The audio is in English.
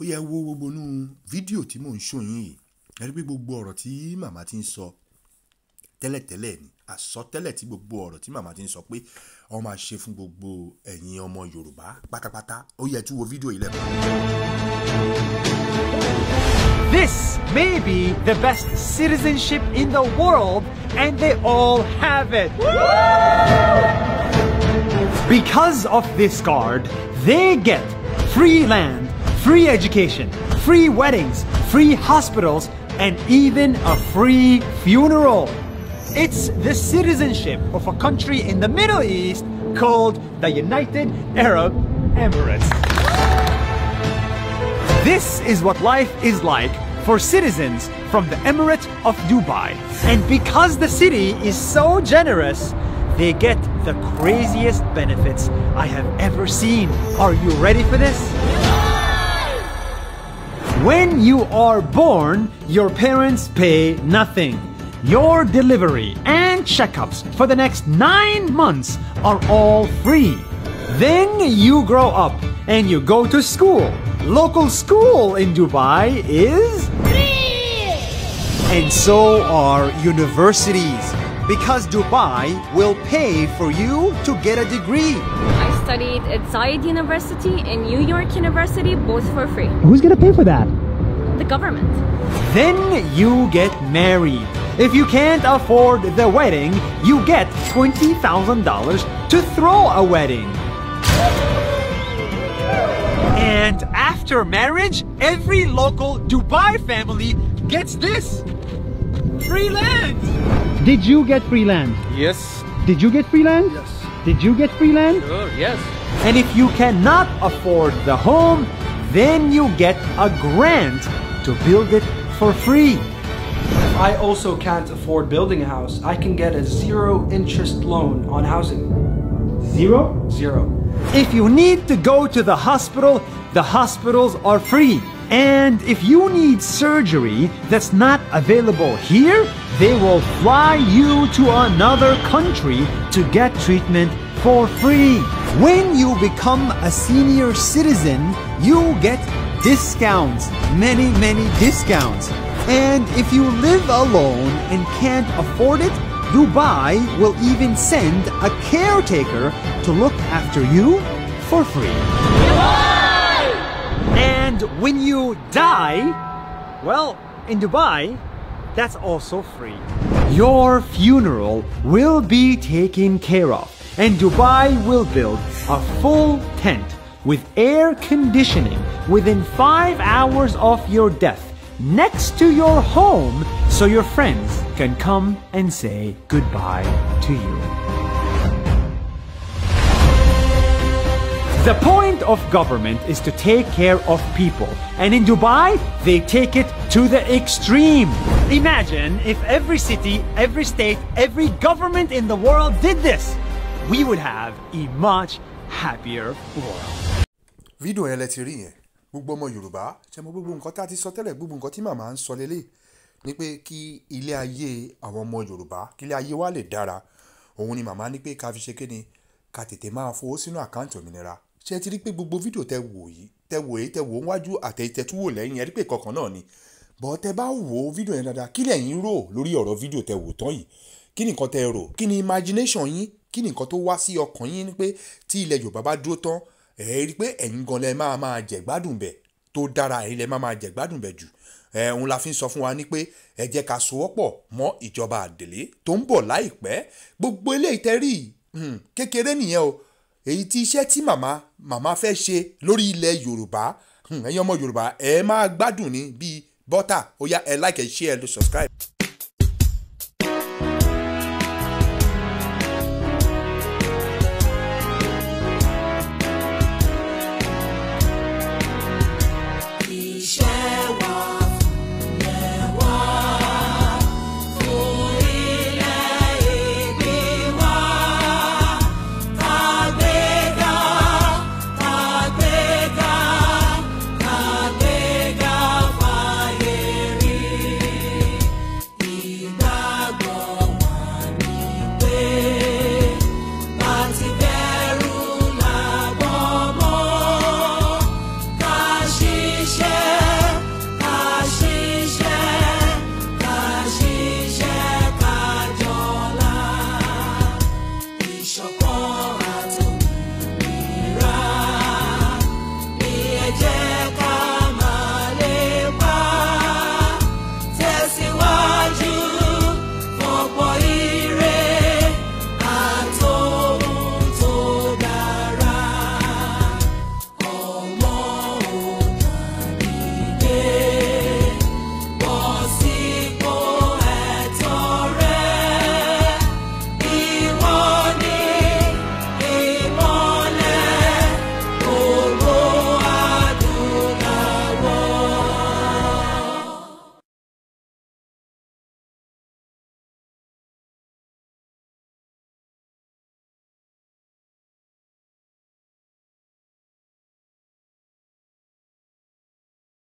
ó yẹ wo gbogbo inú fídíò tí mò ń ṣòyìn yìí ẹ pé gbogbo ọ̀rọ̀ tí màmá ti ń sọ tẹ́lẹ̀tẹ́lẹ̀ ni àsọtẹ́lẹ̀ tí gbogbo ọ̀rọ̀ tí màmá ti ń sọ pé ó máa ṣe fún gbogbo ẹ̀yin ọmọ Yorùbá pátápátá ó yẹ tí wo fídíò yìí lẹ́kọ̀ọ́. This may be the best citizenship in the world, and they all have it. Because of this card, they get free land. free education, free weddings, free hospitals, and even a free funeral. It's the citizenship of a country in the Middle East called the United Arab Emirates. This is what life is like for citizens from the Emirate of Dubai. And because the city is so generous, they get the craziest benefits I have ever seen. Are you ready for this? When you are born, your parents pay nothing. Your delivery and checkups for the next nine months are all free. Then you grow up and you go to school. Local school in Dubai is free! And so are universities because Dubai will pay for you to get a degree. I studied at Zayed University and New York University, both for free. Who's gonna pay for that? The government. Then you get married. If you can't afford the wedding, you get $20,000 to throw a wedding. And after marriage, every local Dubai family gets this free land. Did you get free land? Yes. Did you get free land? Yes. Did you get free land? Sure, yes. And if you cannot afford the home, then you get a grant to build it for free. I also can't afford building a house. I can get a zero interest loan on housing. Zero? Zero. If you need to go to the hospital, the hospitals are free. And if you need surgery that's not available here, they will fly you to another country to get treatment for free. When you become a senior citizen, you get discounts, many, many discounts. And if you live alone and can't afford it, Dubai will even send a caretaker to look after you for free. And when you die, well, in Dubai, that's also free. Your funeral will be taken care of and Dubai will build a full tent with air conditioning within five hours of your death next to your home so your friends can come and say goodbye to you. The point of government is to take care of people. And in Dubai, they take it to the extreme. Imagine if every city, every state, every government in the world did this. We would have a much happier world. Video yẹn lẹ ti rí yẹn. Gbogbo ọmọ Yorùbá ṣe mọ gbogbo nǹkan tá a ti sọ tẹ́lẹ̀ gbogbo nǹkan tí màmá ń sọ lélẹ̀ ni pé kí ilé ayé àwọn ọmọ Yorùbá kí ilé ayé wa lè dára. Òun ni màmá ní pé ká fi ṣe kí ká tètè máa fowó sínú àkáǹtì òmìnira ṣé ẹ ti rí pé gbogbo fídíò tẹ wò yìí tẹ wò yìí tẹ wò wájú àtẹ̀tẹ̀túwò lẹ́yìn ẹ pé kankan náà ni bọ́ tẹ bá wò fídíò yẹn dáadáa kí lẹ̀yin rò lórí ọ̀rọ̀ fídíò tẹ wò tán yìí kí ni nǹkan tẹ rò kí ni imagination yín kí ni nǹkan tó wá sí ọkàn yín ni pé tí ilẹ̀ Yorùbá bá dúró tán ẹ rí pé ẹ̀yin gan lẹ máa máa jẹ̀gbádùn bẹ̀ tó dára ẹ̀yin lẹ máa máa jẹ̀gbádùn bẹ̀ jù òun la fi ń sọ fún wa ní pé ẹ jẹ́ ká sowọ́pọ̀ mọ́ ìjọba àdèlé tó ń bọ̀ láìpẹ́ gbogbo eléyìí tẹ́ rí hmm, kékeré nìyẹn o èyí tí iṣẹ́ tí màmá màmá fẹ́ ṣe lórí ilẹ̀ yorùbá ẹ̀yin ọmọ yorùbá ẹ máa gbádùn ní bíi bọ́tà ó yá ẹ like ẹ share lọ subscribe.